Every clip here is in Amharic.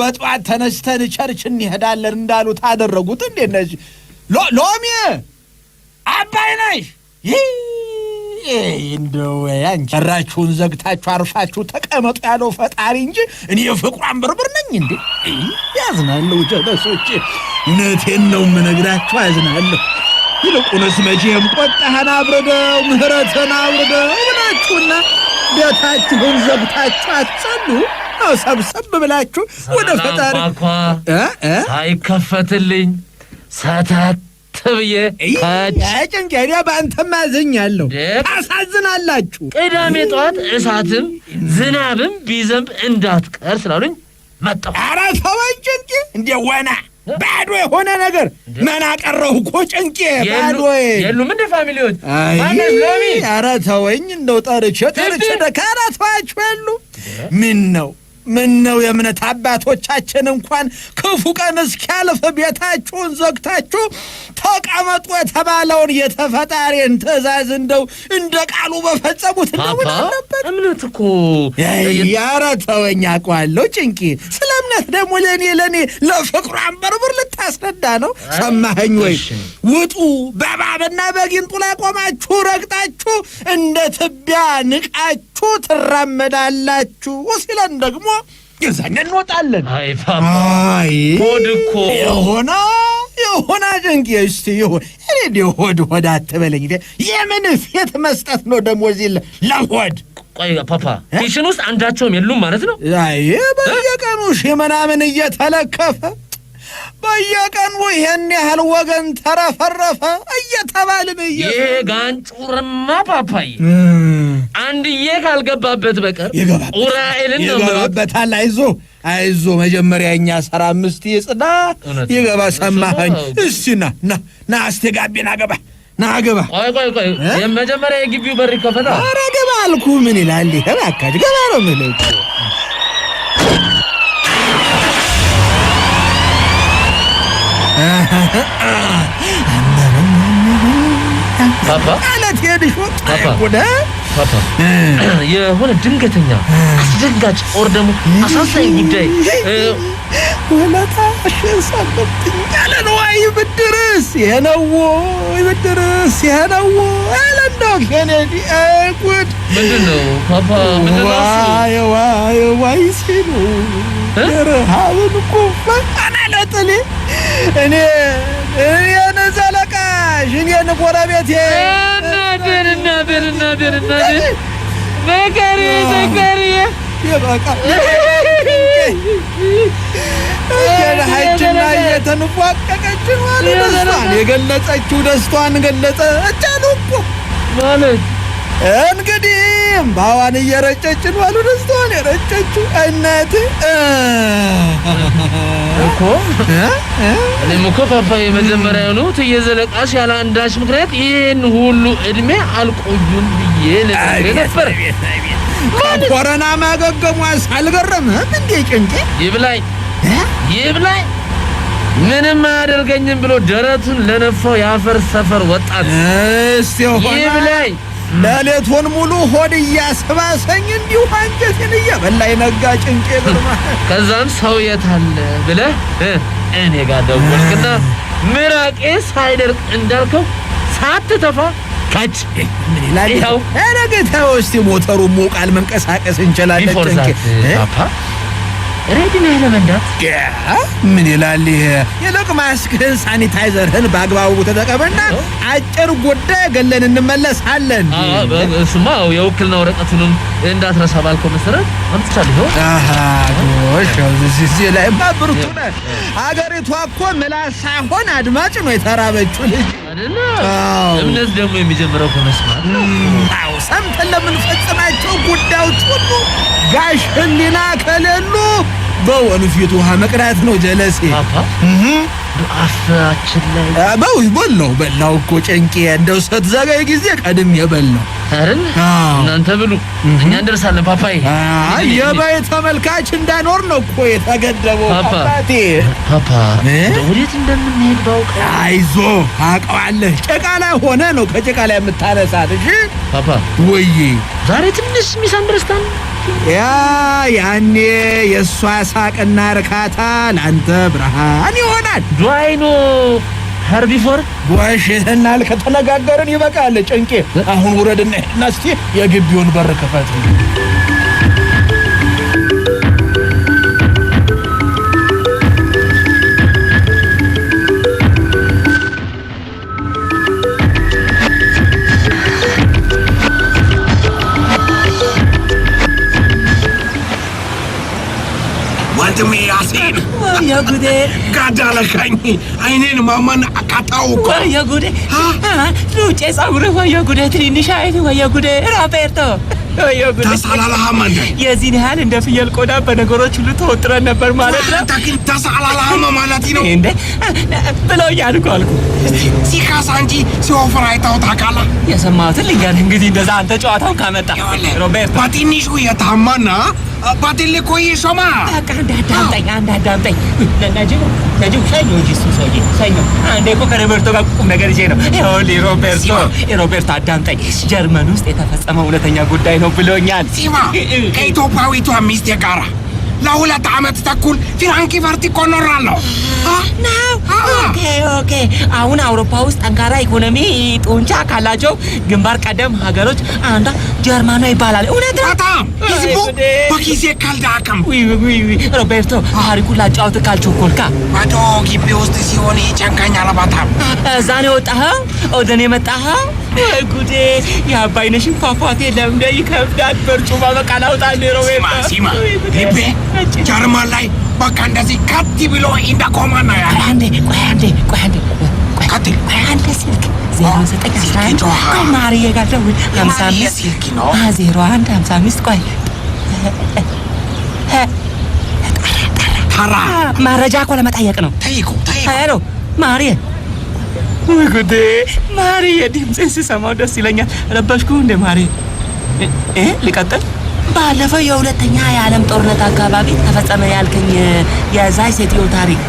በጠዋት ተነስተን ቸርች እንሄዳለን እንዳሉት አደረጉት። እንዴት እነዚህ ሎሚ አባይ ነሽ እንደው አንቺ በራችሁን ዘግታችሁ አርፋችሁ ተቀመጡ ያለው ፈጣሪ እንጂ እኔ ፍቅሯን ብርብር ነኝ። እንዴ ያዝናለሁ፣ ጀለሶቼ እውነቴን ነው የምነግራችሁ፣ ያዝናለሁ። ይልቁንስ መቼም ቆጣህን አብርደው ምሕረትን አብርደው ብላችሁና ቤታችሁን ዘግታችሁ አትጸሉ። ሰብሰብ ብላችሁ ወደ ፈጣሪ ሳይከፈትልኝ ሰተት ብዬ ጭንቅ ዲ በአንተም አዝኛለሁ። ታሳዝናላችሁ። ቅዳሜ ጠዋት እሳትም ዝናብም ቢዘንብ እንዳትቀር ስላሉኝ መጣሁ። አረ ተወው ጭንቅ እንደ ወና ባዶ የሆነ ነገር መና ቀረው እኮ ጭንቄ ባዶ የሉም። እንደ ፋሚሊዎች ኧረ ተወኝ፣ እንደው ጠርቼ ጠርቼ ደካራቷችሁ የሉ ምን ነው ምን ነው የእምነት አባቶቻችን እንኳን ክፉ ቀን እስኪያልፍ ቤታችሁን ዘግታችሁ ተቀመጡ የተባለውን የተፈጣሪን ትእዛዝ እንደው እንደ ቃሉ በፈጸሙት እንደው ምን አለበት እምነት እኮ ያረ ተወኝ፣ አውቀዋለሁ ጭንቄ ጀግንነት ደግሞ ለእኔ ለእኔ ለፍቅሩ አንበርብር ልታስረዳ ነው። ሰማኸኝ ወይ? ውጡ በባብና በጊንጡ ላይ ቆማችሁ ረግጣችሁ እንደ ትቢያ ንቃችሁ ትራመዳላችሁ ሲለን ደግሞ የዛኛ እንወጣለን። አይ ሆድ እኮ የሆነ የሆነ ድንቅ እስቲ ይሁን። እኔ ሆድ ሆድ አትበለኝ። የምን ፌት መስጠት ነው ደግሞ እዚህ ለሆድ ቆይ ፓፓ ፊሽን ውስጥ አንዳቸውም የሉም ማለት ነው? አይ በየቀኑ ሺህ ምናምን እየተለከፈ በየቀኑ ይሄን ያህል ወገን ተረፈረፈ እየተባል ብዬ ይሄ ጋንጩርማ ፓፓዬ አንድዬ ካልገባበት በቀር ኡራኤልን ነው ይገባበታል። አይዞ አይዞ መጀመሪያ እኛ ሰራ አምስት ይጽዳ ይገባ ሰማኸኝ? እስቲ ና ና ና አስቴ ጋቢና ገባ ና አገባ። ቆይ ቆይ ቆይ የመጀመሪያ የግቢው በር ይከፈታ። ኧረ ገባ አልኩ። ምን ይላል? ተባካች ገባ ነው የምልህ እኮ አለት ሄድሽ የሆነ ድንገተኛ አስደንጋጭ ኦር ደግሞ አሳሳኝ ጉዳይ ولታሽን ሰበብትኛለ ነዋይ ብድርስ የነዎ ብድርስ የነዎ ያለንደው ኬኔዲ ጉድ ምንድነው ፓፓ ዋይ ዋይ ዋይ ሲሉ የረሃብን ቁፈን አናለጥሌ እኔ እኔን ዘለቃሽ እኔን ጎረቤቴ እናቴን እናቴን እናቴን እናቴን ዘከርዬ ዘከርዬ የበቃ እየነሐችና እየተንፏቀቀች ማለት ደስቷን የገለጸችው ደስቷን ገለጸ እጫሉ እኮ ማለት እንግዲህ እምባዋን እየረጨች ነው አሉ። ደስታዋን የረጨችው እናት እኮ እኔም እኮ ፓፓዬ መጀመሪያ ነው እየዘለቃሽ ያለ አንዳች ምክንያት ይህን ሁሉ እድሜ አልቆዩም ብዬ ልነግርህ ነበር። ኮረና ማገገሟስ አልገረምህም እንዴ? ጭንቄ ይብላኝ ይብላኝ ምንም አያደርገኝም ብሎ ደረቱን ለነፋው የአፈር ሰፈር ወጣት እስቲ ይብላኝ። ለሌቱን ሙሉ ሆድ እያሰባሰኝ እንዲሁ አንጀቴን እየበላኝ ነጋ ጭንቄ ብርማ። ከዛም ሰው የት አለ ብለህ እኔ ጋር ደወልክና ምራቄ ሳይደርቅ እንዳልከው ሳትተፋ ካች ምን ይላል ይኸው። ኧረ ጌታዬ እስቲ ሞተሩ ሙቃል መንቀሳቀስ እንችላለን ጭንቄ ሬዲ ነው ለመንዳት? ምን ይላል ይሄ? የለቅማ ያስክህን ሳኒታይዘርህን በአግባቡ ተጠቀምና አጭር ጉዳይ ገለን እንመለሳለን። እሱማ የውክልና ወረቀቱንም እንዳትረሳ ባልከው መሰረት አምጥቻለሁ። እዚህ ላይ ብርቱ ነህ። አገሪቷ እኮ ምላስ ሳይሆን አድማጭ ነው የተራበችው ልጅ እምነት ደግሞ የሚጀምረው ከመስማት ነው። ሰምተን ለምንፈጽማቸው ጉዳዮች ሁሉ ጋሽ ህሊና ከሌሉ በወንፊት ውሃ መቅዳት ነው ጀለሴ። አፋችን በው በላው በላው እኮ ጭንቄ እንደው ስትዘጋይ ጊዜ ቀድም የበላው አይደል? እናንተ ብሉ፣ እኛ እንደርሳለን። ፓፓዬ የበይ ተመልካች እንዳይኖር ነው እኮ የተገደበው። ፓፓቴ ፓፓ ወዴት እንደምንሄድ ባውቀ። አይዞ አውቀዋለህ። ጭቃ ላይ ሆነ ነው ከጭቃ ላይ የምታነሳት። እሺ ፓፓ። ወይ ዛሬ ትንሽ ሚስ አንደርስታንድ ያ ያኔ የእሷ ሳቅና እርካታ ለአንተ ብርሃን ይሆናል። ዶአይኖ ሀርቢፎር ጓሽህን አል ከተነጋገርን ይበቃል። ጭንቄ አሁን ውረድና ናስቲ የግቢውን በር ክፈት። የጉዴ ጋዳ ለካኝ አይኔን ማማን አቃጣው እኮ የጉዴ ሉጬ ጸጉር ወየጉዴ ትንንሽ አይን ወየጉዴ ሮቤርቶ ተሳላላሃም አንተ የዚህን ያህል እንደ ፍየል ቆዳ በነገሮች ሁሉ ተወጥረን ነበር ማለት ነው። ተሳላላሃም ማለት ነው እንዴ ብለው እያልኩ አልኩ ሲካሳ እንጂ ሲወፍር አይተኸው ታውቃለህ? የሰማሁትን ልንገርህ እንግዲህ እንደዛ አንተ ጨዋታውን ካመጣ ሮቤርቶ በትንሹ የታማና ባቲል ቆይ ሾማ በቃ እንዳዳምጠኝ እንዳዳምጠኝ። ነጂቡ ነጂቡ ሻኝ እንጂ እሱ ሰውዬ ሻኝ አንዴ እኮ ከሮቤርቶ ጋር ቁም ነገር ይዤ ነው። ይኸውልህ ሮቤርቶ ሮቤርቶ አዳምጠኝ፣ ጀርመን ውስጥ የተፈጸመ እውነተኛ ጉዳይ ነው ብሎኛል። ሲማ ከኢትዮጵያዊቷ ሚስቴ ጋራ ለሁለት ዓመት ተኩል ፊራንኪ ፓርቲ እኮ ኖራለሁ ኦኬ ኦኬ። አሁን አውሮፓ ውስጥ ጠንካራ ኢኮኖሚ ጡንቻ ካላቸው ግንባር ቀደም ሀገሮች አንዷ ጀርማኗ ይባላል። እውነት ነው። በጣም ህዝቡ በጊዜ ካልዳከም ሮቤርቶ ታሪኩ ላጫወት ካልቸኮልካ ባዶ ግቢ ውስጥ ሲሆን ይጨንቀኛል በጣም። እዛ ነው የወጣኸው? ወደ እኔ መጣኸው? ጉዴ የአባይነሽን ፏፏቴ ለምደ ይከብዳል። በርጩማ በቃ ላውጣል። ሮቤማ ሲማ ልቤ ጀርመን ላይ በቃ እንደዚህ ከት ብሎ እንደቆማ ና ያለ አንዴ ቆይ አንዴ ቆይ አንዴ ቆይ እኮ ለመጠየቅ ነው። ማርዬ ወይ ጉዴ! ማሪ የድምፅህን ስሰማው ደስ ይለኛል። ረበሽኩ እንደ ማሪ። ልቀጥል? ባለፈው የሁለተኛ የዓለም ጦርነት አካባቢ ተፈጸመ ያልከኝ የዛይ ሴትዮ ታሪክ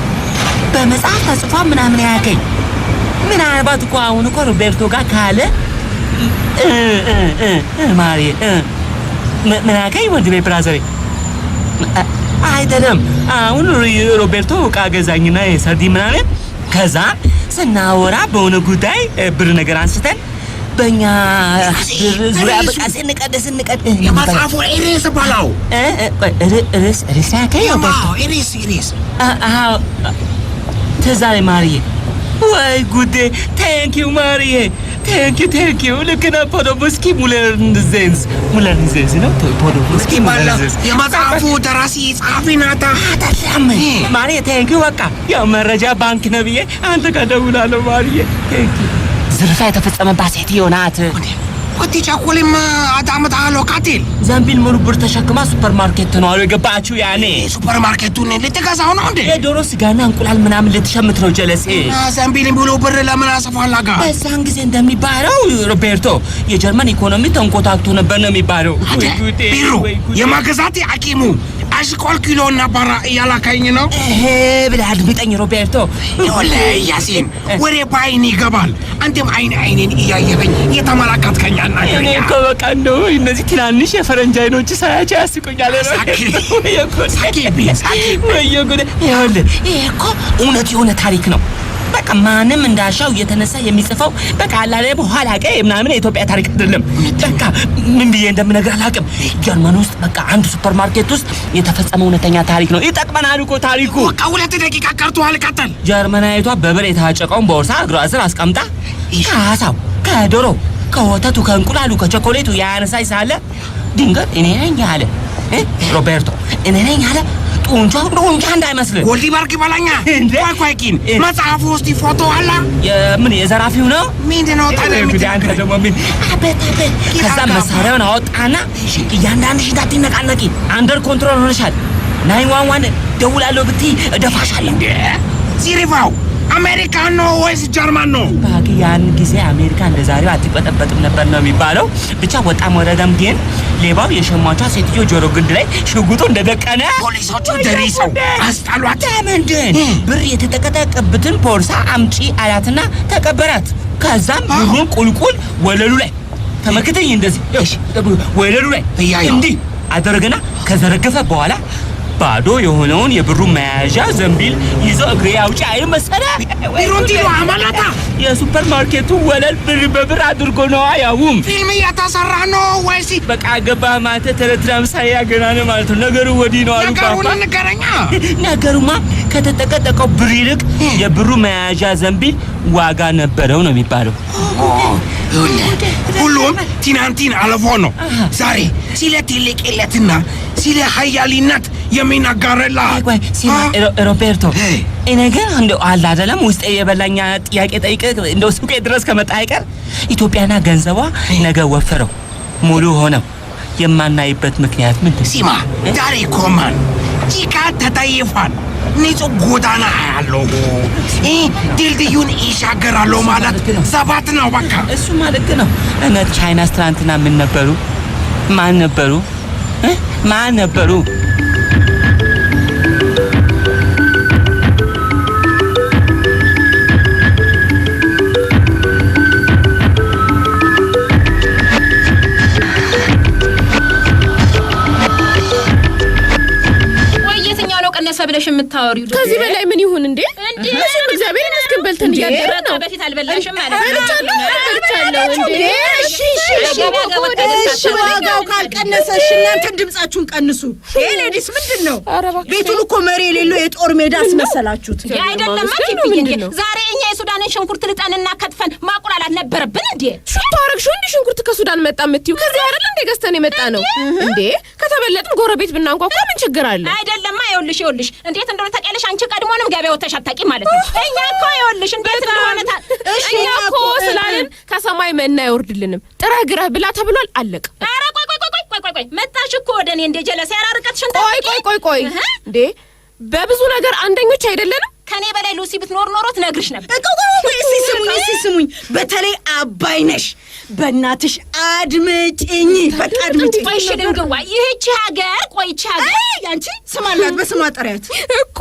በመጽሐፍ ተጽፏ ምናምን ያልከኝ ምናልባት እኮ አሁን እኮ ሮቤርቶ ጋር ካለ ማሪ ምን ያልከኝ ወንድሜ ብራዘሬ አይደለም። አሁን ሮቤርቶ እቃ ገዛኝና የሰርዲ ምናምን ከዛ ስናወራ በሆነ ጉዳይ ብር ነገር አንስተን በእኛ ዙሪያ በቃ ስንቀደስ ስንቀድ የመጽሐፉ ርዕስ በላው ርዕስ ርዕስ ርዕስ ርዕስ ማርዬ። ወይ ጉዴ! ቴንኪው ማርዬ Thank you, thank you. Look at Podobusky Mulernzens. Mulernzens, ነው ፖዶብስኪ የመጽሐፉ ደራሲ ጸሐፊ ናታ አደለም። ማርዬ ቴንክ በቃ ያው መረጃ ባንክ ነው ብዬ አንተ ጋር ደውላለሁ ማርዬ። ቴንክ ዩ። የተፈጸመባት ሴትዮ ናት። ብትቸኩልም አዳምጣለሁ። ቃቴል ዘንቢል ሙሉ ብር ተሸክማ ሱፐር ማርኬት ነው አሉ የገባችው። ያኔ ሱፐር ማርኬቱን ልትገዛው ነው እንዴ? የዶሮ ስጋና እንቁላል ምናምን ልትሸምት ነው ጀለሴ። ዘንቢል ሙሉ ብር ለምን አስፈለገ? በዛን ጊዜ እንደሚባለው ሮቤርቶ የጀርመን ኢኮኖሚ ተንኮታክቶ ነበር ነው የሚባለው። ቢሩ የማገዛት አቂሙ አሽቆል ኪሎን ነበረ እያላከኝ ነው ብለህ አድምጠኝ ሮቤርቶ። ይኸውልህ ያሲን ወሬ በአይን ይገባል። አንተም አይን አይኔን እያየበኝ እየተመለከትከኝ አናገርኛ። እኔ እኮ በቃ እንደው እነዚህ ትናንሽ የፈረንጅ አይኖች ሳያቸው ያስቁኛል። ይሄ እኮ እውነት የሆነ ታሪክ ነው በቃ ማንም እንዳሻው እየተነሳ የሚጽፈው በቃ አላለ በኋላ ቀ ምናምን የኢትዮጵያ ታሪክ አይደለም። በቃ ምን ብዬ እንደምነግር አላውቅም። ጀርመን ውስጥ በቃ አንድ ሱፐር ማርኬት ውስጥ የተፈጸመ እውነተኛ ታሪክ ነው። ይጠቅመናል እኮ ታሪኩ። በቃ ሁለት ደቂቃ ቀርቶ ቀጠል። ጀርመናዊቷ በብር የታጨቀውን ቦርሳ እግሯ ስር አስቀምጣ ከአሳው፣ ከዶሮ፣ ከወተቱ፣ ከእንቁላሉ፣ ከቸኮሌቱ ያነሳች ሳለ ድንገት እኔ ነኝ አለ ሮቤርቶ፣ እኔ ነኝ አለ ጡንቻ ጡንቻ እንዳይመስልህ ጎልዲ ባርክ ይበላኛ። ቆይ ቆይ ቂም መጽሐፉ ውስጥ ፎቶ አላ የምን የዘራፊው ነው ምንድን ነው ከዛ መሳሪያውን አወጣና እያንዳንድ ሽታ ትነቃነቂ አንደር ኮንትሮል ሆነሻል። ናይን ዋን ዋን ደውላለሁ ብትይ እደፋሻለሁ። ሲሪፋው አሜሪካን ነው ወይስ ጀርመን ነው? ባቂ ያን ጊዜ አሜሪካ እንደዛሬው ዛሬው አትበጠበጥም ነበር ነው የሚባለው። ብቻ ወጣም ወረደም ግን ሌባው የሸማቿ ሴትዮ ጆሮ ግንድ ላይ ሽጉጡ እንደደቀነ ፖሊሶቹ ደሪሰው አስጣሏት። ምንድን ብር የተጠቀጠቀብትን ቦርሳ አምጪ አላትና ተቀበራት። ከዛም ብሩን ቁልቁል ወለሉ ላይ ተመክተኝ እንደዚህ ወለሉ ላይ እንዲህ አደረገና ከዘረገፈ በኋላ ባዶ የሆነውን የብሩ መያዣ ዘንቢል ይዞ እግሬ አውጪ አይል መሰለ ቢሮቲኖ አማላታ የሱፐር ማርኬቱ ወለል ብር በብር አድርጎ ነው አያውም ፊልም እየተሰራ ነው ወይስ በቃ ገባ ማተ ተረትና ምሳ ያገናነ ማለት ነው። ነገሩ ወዲህ ነው አሉ። ነገሩን ንገረኛ። ነገሩማ ከተጠቀጠቀው ብር ይልቅ የብሩ መያዣ ዘንቢል ዋጋ ነበረው ነው የሚባለው። ሁሉም ትናንትን አልፎ ነው ዛሬ ስለ ትልቅነትና ስለ ሀያሊነት የሚነገርላ ሮቤርቶ ግን እንደ አለ አይደለም ውስጤ የበላኛ ጥያቄ ጠይቀ እንደ ሱቄ ድረስ ከመጣ አይቀር ኢትዮጵያና ገንዘቧ ነገ ወፍረው ሙሉ ሆነው የማናይበት ምክንያት ምንድን? ሲማ ዳሬ ኮማን ጭቃ ተጠይፏል። ንጹህ ጎዳና አያለሁ። ድልድዩን ይሻገራለሁ ማለት ሰባት ነው። በቃ እሱ ማለት ነው። እነ ቻይናስ ትናንትና ምን ነበሩ? ማን ነበሩ? ማን ነበሩ? ብለሽ የምታወሪው ከዚህ በላይ ምን ይሁን እንዴ? እንዴ እግዚአብሔር ይመስገን በልተን እያደረ ነው። በፊት አልበላሽም ማለት ነው። እሺ ዋጋው ድምጻችሁን ቀንሱ። ይሄ ሌዲስ ምንድን ነው? ቤቱን እኮ መሪ የሌለው የጦር ሜዳ አስመሰላችሁት። አይደለም ዛሬ እኛ የሱዳንን ሽንኩርት ልጠንና ከትፈን ማቁላላት ነበረብን እንዴ? ሽንኩርት ከሱዳን መጣ የምትዩ ከዚህ አይደል እንዴ? ገዝተን የመጣ ነው እንዴ? ከተበለጥን ጎረቤት ብናንኳኳ ምን ችግር አለ? ይኸውልሽ ይኸውልሽ እንዴት እንደሆነ ታውቂያለሽ። አንቺ ቀድሞንም ገበያ ወተሽ አታውቂም ማለት ነው። እኛ እኮ ይኸውልሽ እንዴት እንደሆነ ታ እሺ፣ እኮ ስላልን ከሰማይ መና አይወርድልንም። ጥረ ግረ ብላ ተብሏል። አለቀ። ኧረ ቆይ ቆይ ቆይ ቆይ ቆይ ቆይ መጣሽ እኮ ወደ እኔ እንደ ጀለሴ ያራርቀትሽ እንደ ቆይ ቆይ ቆይ ቆይ እንዴ፣ በብዙ ነገር አንደኞች አይደለንም ከኔ በላይ ሉሲ ብትኖር ኖሮ ትነግርሽ ነበር። ስሙኝ፣ እስኪ ስሙኝ። በተለይ አባይ ነሽ፣ በእናትሽ አድምጭኝ፣ በቃ አድምጭኝ። ቆይ እሺ ድንግዋ፣ ይህቺ ሀገር ቆይቺ ሀገር ያንቺ ስም አላት፣ በስም አጠሪያት እኮ።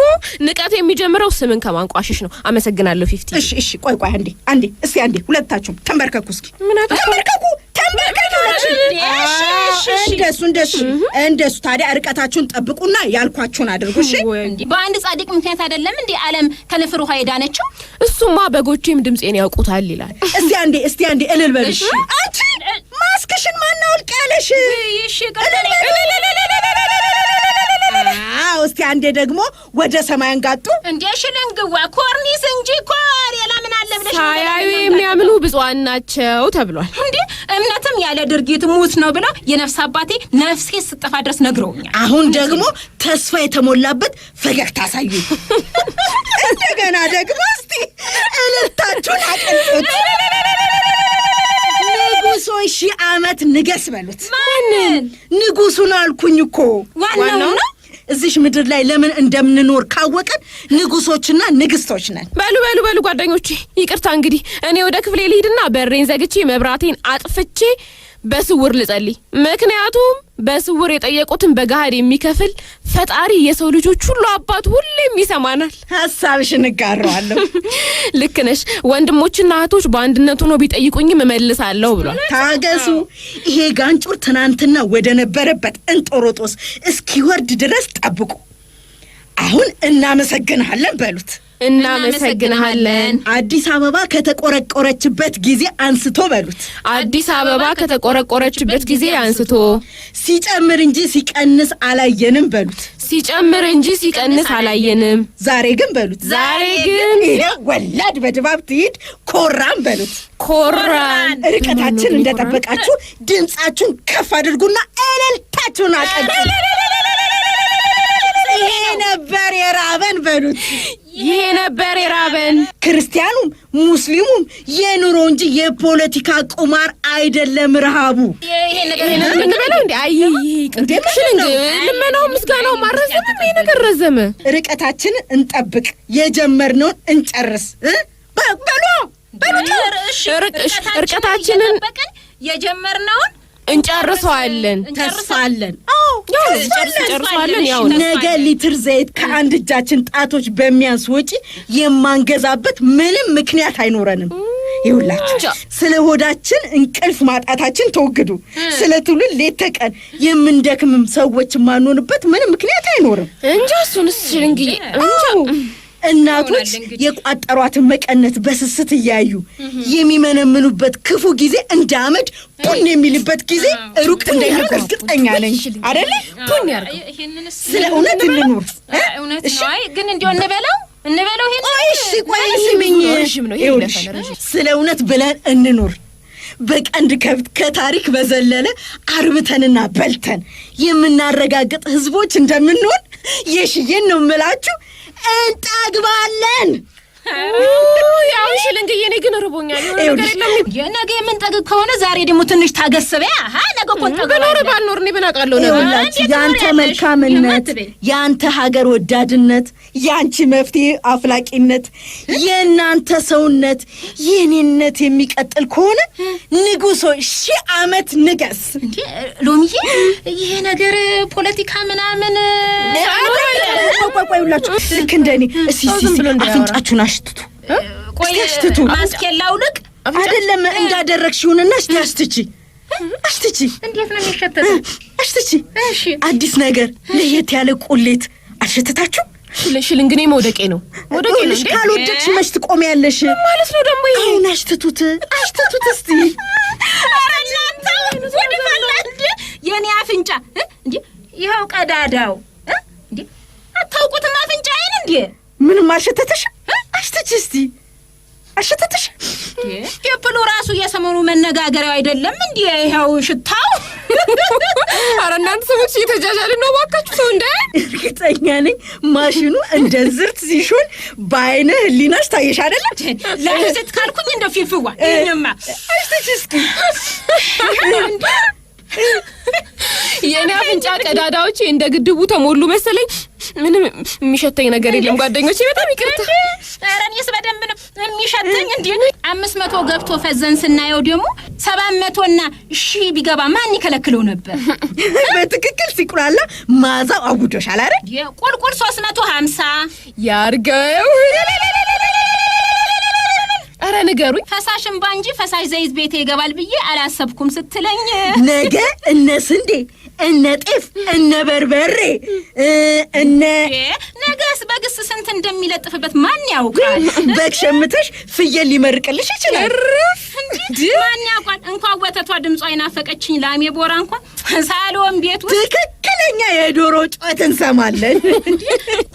ንቀቱ የሚጀምረው ስምን ከማንቋሽሽ ነው። አመሰግናለሁ ፊፍቲ። እሺ፣ እሺ፣ ቆይ ቆይ፣ አንዴ አንዴ፣ እስኪ አንዴ፣ ሁለታችሁም ተንበርከኩ እስኪ። ምን ተንበርከኩ እንደሱ እንደሱ እንደሱ። ታዲያ ርቀታችሁን ጠብቁና ያልኳችሁን አድርጉ። እሺ። በአንድ ጻድቅ ምክንያት አይደለም እንዴ ዓለም ከንፍር ውሃ የዳነችው? እሱማ በጎቼም ድምፄን ያውቁታል ይላል። እስቲ አንዴ እስቲ አንዴ እልል በልሽ። አንቺ ማስክሽን ማናውልቅ ያለሽ እስቲ አንዴ ደግሞ ወደ ሰማይ አንጋጡ እንዴ ሽልንግዋ ኮርኒስ እንጂ ኮር ሌላ ምን አለ ብለሽ ሳያዩ የሚያምኑ ብፁዓን ናቸው ተብሏል። እንዴ እምነትም ያለ ድርጊት ሙት ነው ብለው የነፍስ አባቴ ነፍሴ ስጠፋ ድረስ ነግረውኛል። አሁን ደግሞ ተስፋ የተሞላበት ፈገግታ አሳዩ። እንደገና ደግሞ እስቲ እልታችሁን አቀንጡት። ንጉሱን ሺህ ዓመት ንገስ በሉት። ማንን ንጉሱን አልኩኝ እኮ ዋናው ነው እዚሽ ምድር ላይ ለምን እንደምንኖር ካወቀን ንጉሶችና ንግስቶች ነን። በሉ በሉ በሉ ጓደኞቼ፣ ይቅርታ እንግዲህ እኔ ወደ ክፍሌ ልሂድና በሬን ዘግቼ መብራቴን አጥፍቼ በስውር ልጸልይ። ምክንያቱም በስውር የጠየቁትን በገሃድ የሚከፍል ፈጣሪ የሰው ልጆች ሁሉ አባት ሁሌም ይሰማናል። ሀሳብሽ እጋራዋለሁ። ልክ ነሽ። ወንድሞችና እህቶች በአንድነት ሆኖ ቢጠይቁኝም እመልሳለሁ ብሏል። ታገሱ። ይሄ ጋንጩር ትናንትና ወደ ነበረበት እንጦሮጦስ እስኪወርድ ድረስ ጠብቁ። አሁን እናመሰግንሃለን በሉት። እናመሰግንሃለን። አዲስ አበባ ከተቆረቆረችበት ጊዜ አንስቶ በሉት። አዲስ አበባ ከተቆረቆረችበት ጊዜ አንስቶ ሲጨምር እንጂ ሲቀንስ አላየንም በሉት። ሲጨምር እንጂ ሲቀንስ አላየንም። ዛሬ ግን በሉት። ዛሬ ግን ይሄ ወላድ በድባብ ትሂድ ኮራን በሉት። ኮራን ርቀታችን እንደጠበቃችሁ ድምፃችሁን ከፍ አድርጉና እልልታችሁን አቀ ይሄ ነበር የራበን በሉት። ይሄ ነበር የራበን። ክርስቲያኑም ሙስሊሙም የኑሮ እንጂ የፖለቲካ ቁማር አይደለም ረሃቡ። ልመናው ምስጋናው አልረዘመም። ይሄ ነገር ረዘመ። ርቀታችን እንጠብቅ፣ የጀመርነውን እንጨርስ። በሎ በሎ፣ ርቀታችንን የጀመርነውን እንጨርሰዋለን ተስፋለን እንጨርሰዋለን። ያው ነገ ሊትር ዘይት ከአንድ እጃችን ጣቶች በሚያንስ ወጪ የማንገዛበት ምንም ምክንያት አይኖረንም። ይውላችሁ ስለ ሆዳችን እንቅልፍ ማጣታችን ተወግዱ። ስለ ትውልድ ሌት ተቀን የምንደክምም ሰዎች የማንሆንበት ምንም ምክንያት አይኖርም። እንጃ እሱን ስችል እንግዲህ እናቶች የቋጠሯትን መቀነት በስስት እያዩ የሚመነምኑበት ክፉ ጊዜ እንደ አመድ ቡን የሚልበት ጊዜ ሩቅ እንዳይሆን እርግጠኛ ነኝ። አደለ? ቡን ያርገው። ስለ እውነት እንኖር ግን እንዲያው እንበላው እንበላው። እሺ፣ ቆይ ስሚኝ። ስለ እውነት ብለን እንኖር በቀንድ ከብት ከታሪክ በዘለለ አርብተንና በልተን የምናረጋግጥ ህዝቦች እንደምንሆን የሽዬን ነው ምላችሁ። እንጠግባለን። ያው እሺ ልንገዬ፣ ግን ርቦኛል። ነገ የምንጠግብ ከሆነ ዛሬ ደግሞ ትንሽ ታገስበያ ነገ ብኖር ባልኖር እኔ ምን አውቃለሁ። የአንተ መልካምነት፣ የአንተ ሀገር ወዳድነት፣ የአንቺ መፍትሄ አፍላቂነት፣ የእናንተ ሰውነት፣ የእኔነት የሚቀጥል ከሆነ ንጉሶ ሺህ ዓመት ንገስ። ሎሚዬ፣ ይሄ ነገር ፖለቲካ ምናምን ልክ እንደኔ እስኪ አፍንጫችሁን አሽ አሽትቱ ቆይ አሽትቱ ማስኬላው ልቅ አይደለም እንዳደረግሽ ይሁንና እሽቲ አሽትቺ አሽትቺ እንዴት ነው የሚሸተተው? አሽትቺ እሺ፣ አዲስ ነገር ለየት ያለ ቁሌት አልሸተታችሁ? ሽልንግኔ መውደቄ ነው መውደቄ ነው። ካልወደቅሽ መች ትቆሚያለሽ ማለት ነው። ደግሞ አይን አሽትቱት አሽትቱት እስቲ የኔ አፍንጫ እንዴ! ይኸው ቀዳዳው እንዴ! አታውቁትም አይን እንዴ! ምንም አልሸተተሽም አሽተች እስቲ አሸተትሽ። ቄጵሉ ራሱ የሰሞኑ መነጋገሪያው አይደለም እንዲ ይኸው ሽታው። አረ እናንተ ሰዎች እየተጃጃልን ነው ባካችሁ። ሰው እንደ እርግጠኛ ነኝ ማሽኑ እንደ ዝርት ሲሾል በአይነ ህሊናሽ ታየሽ አይደለም። ለዘት ካልኩኝ እንደ ፊፍዋ ይህንማ አሽተች እስኪ የእኔ አፍንጫ ቀዳዳዎች እንደ ግድቡ ተሞሉ መሰለኝ። ምንም የሚሸተኝ ነገር የለም። ጓደኞች በጣም ይቅርታ። ኧረ እኔስ በደንብ ነው የሚሸተኝ። እንዲ አምስት መቶ ገብቶ ፈዘን ስናየው ደግሞ ሰባት መቶና ሺ ቢገባ ማን ይከለክለው ነበር? በትክክል ሲቁላላ ማዛው አጉዶሻል። አረ ቁልቁል ሶስት መቶ ሀምሳ ያርገው ኧረ ንገሩኝ። ፈሳሽ እምባ እንጂ ፈሳሽ ዘይት ቤቴ ይገባል ብዬ አላሰብኩም ስትለኝ ነገ እነ ስንዴ እነ ጤፍ እነ በርበሬ እነ ነገስ በግስ ስንት እንደሚለጥፍበት ማን ያውቃል? በግ ሸምተሽ ፍየል ሊመርቅልሽ ይችላል። እንጂ ማን ያውቃል? እንኳን ወተቷ ድምጿ አይናፈቀችኝ። ላሜ ቦራ እንኳን ሳሎን ቤት ውስጥ ትክክለኛ የዶሮ ጩኸት እንሰማለን።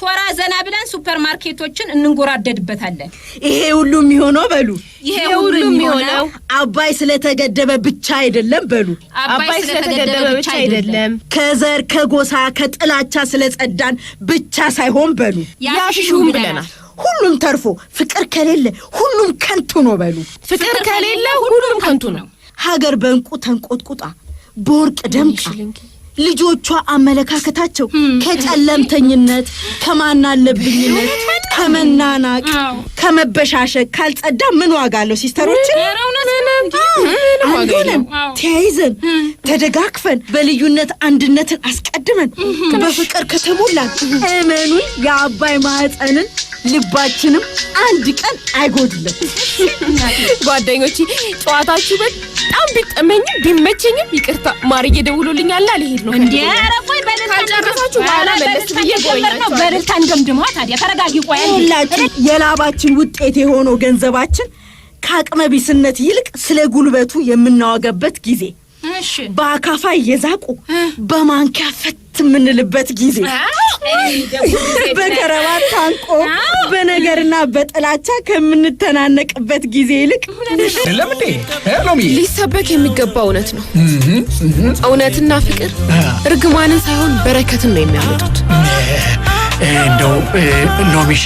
ኮራ ዘና ብለን ሱፐር ማርኬቶችን እንንጎራደድበታለን። ይሄ ሁሉ የሚሆነው በሉ ይሄ ሁሉ የሚሆነው አባይ ስለተገደበ ብቻ አይደለም። በሉ አባይ ስለተገደበ ብቻ አይደለም፣ ከዘር ከጎሳ ከጥላቻ ስለጸዳን ብቻ ሳይሆን በሉ ያሽሹም ብለናል። ሁሉም ተርፎ ፍቅር ከሌለ ሁሉም ከንቱ ነው። በሉ ፍቅር ከሌለ ሁሉም ከንቱ ነው። ሀገር በእንቁ ተንቆጥቁጣ በወርቅ ደምቃ ልጆቿ አመለካከታቸው ከጨለምተኝነት ከማናለብኝነት ከመናናቅ ከመበሻሸቅ ካልጸዳ ምን ዋጋ አለው? ሲስተሮችን አንዱንም ተያይዘን ተደጋግፈን በልዩነት አንድነትን አስቀድመን በፍቅር ከተሞላን እመኑን የአባይ ማህፀንን ልባችንም አንድ ቀን አይጎድልም። ጓደኞቼ ጨዋታችሁ በጣም ቢጠመኝም ቢመቸኝም ይቅርታ ማርዬ ደውሎልኛል ልሄድ ነው። እንዴ ኧረ ቆይ በእልልታ በኋላ መለስ ብዬ ነው። በእልልታ እንደምድማ። ታዲያ። ተረጋጊ ቆያ ሁላችን የላባችን ውጤት የሆነው ገንዘባችን ከአቅመ ቢስነት ይልቅ ስለ ጉልበቱ የምናወገበት ጊዜ፣ በአካፋ እየዛቁ በማንኪያ ፈት የምንልበት ጊዜ፣ በከረባት ታንቆ በነገርና በጥላቻ ከምንተናነቅበት ጊዜ ይልቅ ለምንዴ ሊሰበክ የሚገባ እውነት ነው። እውነትና ፍቅር እርግማንን ሳይሆን በረከትን ነው የሚያመጡት። እንደው ሎሚሻ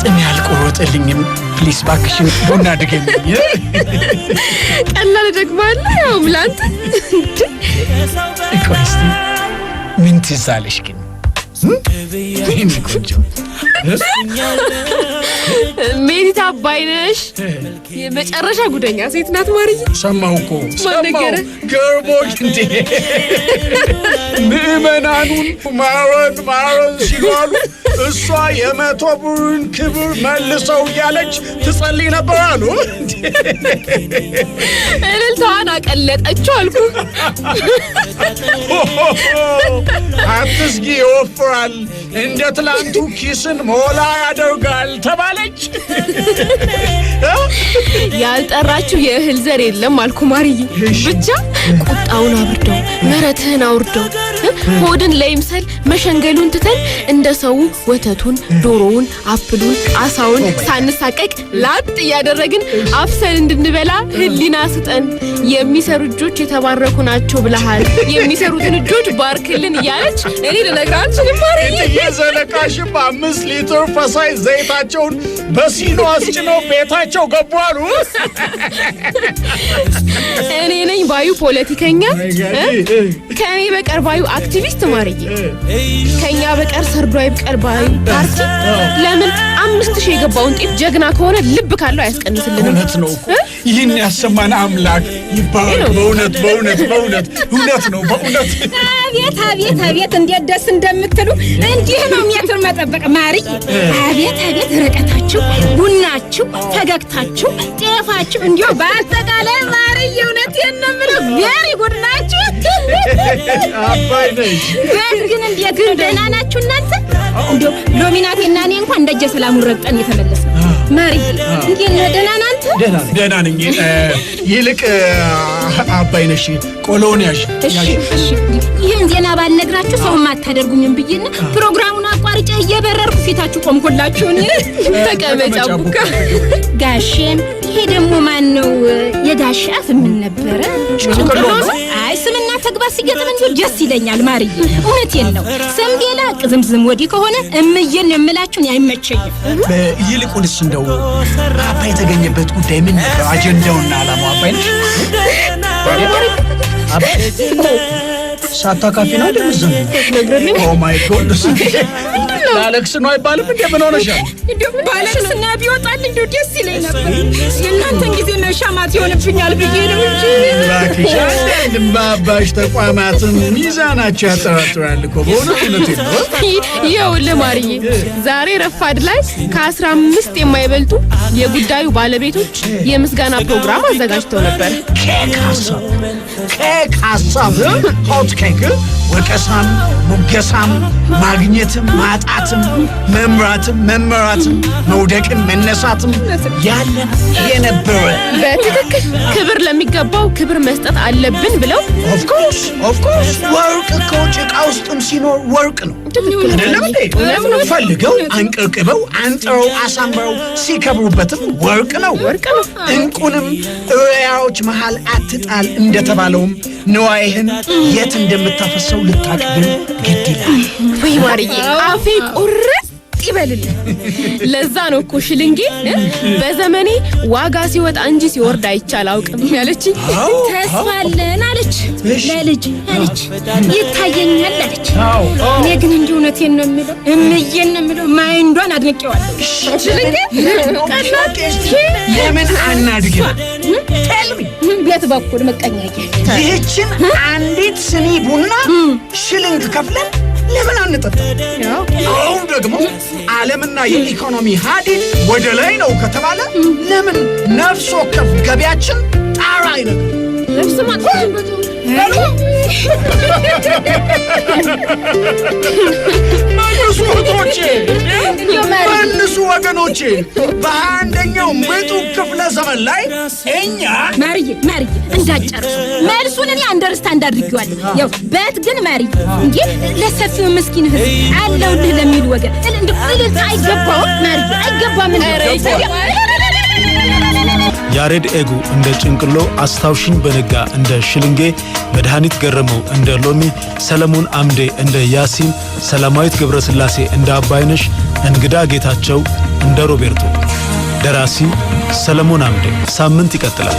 ጽም ያልቆረጠልኝም ፕሊስ ባክሽን ቡና ድገኝ። ቀላል ደግማለ ያው ምላንት ቆስቲ ምን ትዛለሽ ግን ሜሪ አባይነሽ የመጨረሻ ጉደኛ ሴት ናት። ማርዬ ሰማሁ እኮ ማነገረ ገርሞሽ እንዴ! ምዕመናኑን ማረን ማረን ሲሏሉ እሷ የመቶ ብሩን ክብር መልሰው እያለች ትጸልይ ነበር አሉ። እልልታዋን አቀለጠችው አልኩ። አትስጊ ይወፍራል እንደ ትላንቱ ኪስን ሞላ ያደርጋል ተባለች። ያልጠራችሁ የእህል ዘር የለም አልኩ ማርዬ። ብቻ ቁጣውን አብርደው ምረትህን አውርደው ሆድን ለይምሰል መሸንገሉን ትተን እንደ ሰው ወተቱን፣ ዶሮውን፣ አፕሉን፣ አሳውን ሳንሳቀቅ ላጥ እያደረግን አፍሰን እንድንበላ ህሊና ስጠን። የሚሰሩ እጆች የተባረኩ ናቸው ብለሃል። የሚሰሩትን እጆች ባርክልን እያለች እኔ ልነግርህ ማርዬ። የዘለቃሽም አምስት ሊትር ፈሳሽ ዘይታቸውን በሲኖ አስጭነው ቤታቸው ገቡ አሉ። እኔ ነኝ ባዩ ፖለቲከኛ፣ ከእኔ በቀር ባዩ አክቲቪስት። ማርዬ ከእኛ በቀር ሰርዶ አይብቀል ባዩ ፓርቲ ለምን አምስት ሺህ የገባውን ጤፍ ጀግና ከሆነ ልብ ካለው አያስቀንስልንም። እውነት ነው እኮ ይህን ያሰማን አምላክ ይባላል። በእውነት በእውነት በእውነት እውነት ነው። በእውነት አቤት አቤት አቤት እንዴት ደስ እንደምትሉ እንዲህ ነው ሜትር መጠበቅ ማሪ። አቤት አቤት ርቀታችሁ፣ ቡናችሁ፣ ፈገግታችሁ፣ ጤፋችሁ እንዲሁ በአጠቃላይ ማሪ እውነት ነው የምለው ቬሪ ጉድ ናችሁ። አባይ ነሽ ግን እንዴት ደህና ናችሁ እናንተ? እንዲሁ ሎሚናቴና እኔ እንኳን እንደጀ ሰላሙን ረግጠን የተመለስ ማርዬ እንዴት ነው ደህና ናን ደህና ነኝ። ይልቅ አባይነሽ ቆሎውን ያዥ። ይህን ዜና ባልነግራችሁ ሰውም አታደርጉኝም ብዬና ፕሮግራሙን አቋርጬ እየበረርኩ ፊታችሁ ቆምኩላችሁን። ተቀመጫ ቡካ ጋሼም ይሄ ደግሞ ማን ነው? የጋሼ አፍ ምን ነበረ? አይ ስምና ተግባር ሲገጥም እንጂ ደስ ይለኛል ማርዬ። እውነቴን ነው። ስም ሌላ ቅዝምዝም ወዲህ ከሆነ እምዬን የምላችሁን አይመቸኝም። ይልቁንስ እንደው አባይ የተገኘበት demin radyonda onlarla muhabbet. Abi. ሳታካፊ ነው እንደምዝም ኦ ማይ ጎድ ላለክስ ነው አይባልም እንዴ? ምን ሆነሻል? ባለቅስና ቢወጣልኝ እንዲ ደስ ይለኝ ነበር። የእናንተን ጊዜ መሻማት ይሆንብኛል ብዬ ነው እንጂ እባክሽ፣ አንዳንድ አባሽ ተቋማትን ሚዛናቸው ያጠራጥራል እኮ በእውነት ነት ይኸውልህ ማርዬ፣ ዛሬ ረፋድ ላይ ከአስራ አምስት የማይበልጡ የጉዳዩ ባለቤቶች የምስጋና ፕሮግራም አዘጋጅተው ነበር። ኬክ ሀሳብ ኬክ ሀሳብ ከግ ወቀሳም ሙገሳም ማግኘትም ማጣትም መምራትም መመራትም መውደቅም መነሳትም ያለ የነበረ በትክክል ክብር ለሚገባው ክብር መስጠት አለብን ብለው ኦፍኮርስ ኦፍኮርስ ወርቅ እኮ ጭቃ ውስጥም ሲኖር ወርቅ ነው። ፈልገው አንቀቅበው አንጥረው አሳምረው ሲከብሩበትም ወርቅ ነው ወርቅ ነው። እንቁንም እሪያዎች መሃል አትጣል እንደተባለውም ንዋይህን የት እንደምታፈሰው ልታቅ ግድ ይላል። ወይ ማርዬ አፌ ቁር ይበልል። ለዛ ነው እኮ ሽልንጊ በዘመኔ ዋጋ ሲወጣ እንጂ ሲወርድ አይቻል አውቅም ያለች። ተስፋለን አለች፣ ለልጅ አለች፣ ይታየኛል አለች። እኔ ግን እንጂ እውነቴን ነው የምለው፣ እምዬን ነው የምለው። ማይንዷን አድንቄዋለሁ። ሽልንጌ ለምን አናድግም? ቤት በኩል መቀኛ ይህችን አንዲት ስኒ ቡና ሽልንግ ከፍለን ለምን አንጠጣ? አሁን ደግሞ ዓለምና የኢኮኖሚ ሀዲድ ወደ ላይ ነው ከተባለ ለምን ነፍስ ወከፍ ገቢያችን ጣራ አይነቅ? ወገኖቼ በአንደኛው ምጡ ክፍለ ዘመን ላይ እኛ መርዬ መርዬ እንዳጨርሱ መልሱን እኔ አንደርስታንድ አድርጌዋለሁ። ያው በት ግን መርዬ እንጂ ለሰፊው ምስኪን ህዝብ አለውልህ ለሚል ወገን እልልታ አይገባውም። መርዬ አይገባም። ያሬድ ኤጉ እንደ ጭንቅሎ፣ አስታውሽኝ በነጋ እንደ ሽልንጌ፣ መድኃኒት ገረመው እንደ ሎሚ፣ ሰለሞን አምዴ እንደ ያሲን፣ ሰላማዊት ገብረስላሴ እንደ አባይነሽ፣ እንግዳ ጌታቸው እንደ ሮቤርቶ። ደራሲ ሰለሞን አምዴ። ሳምንት ይቀጥላል።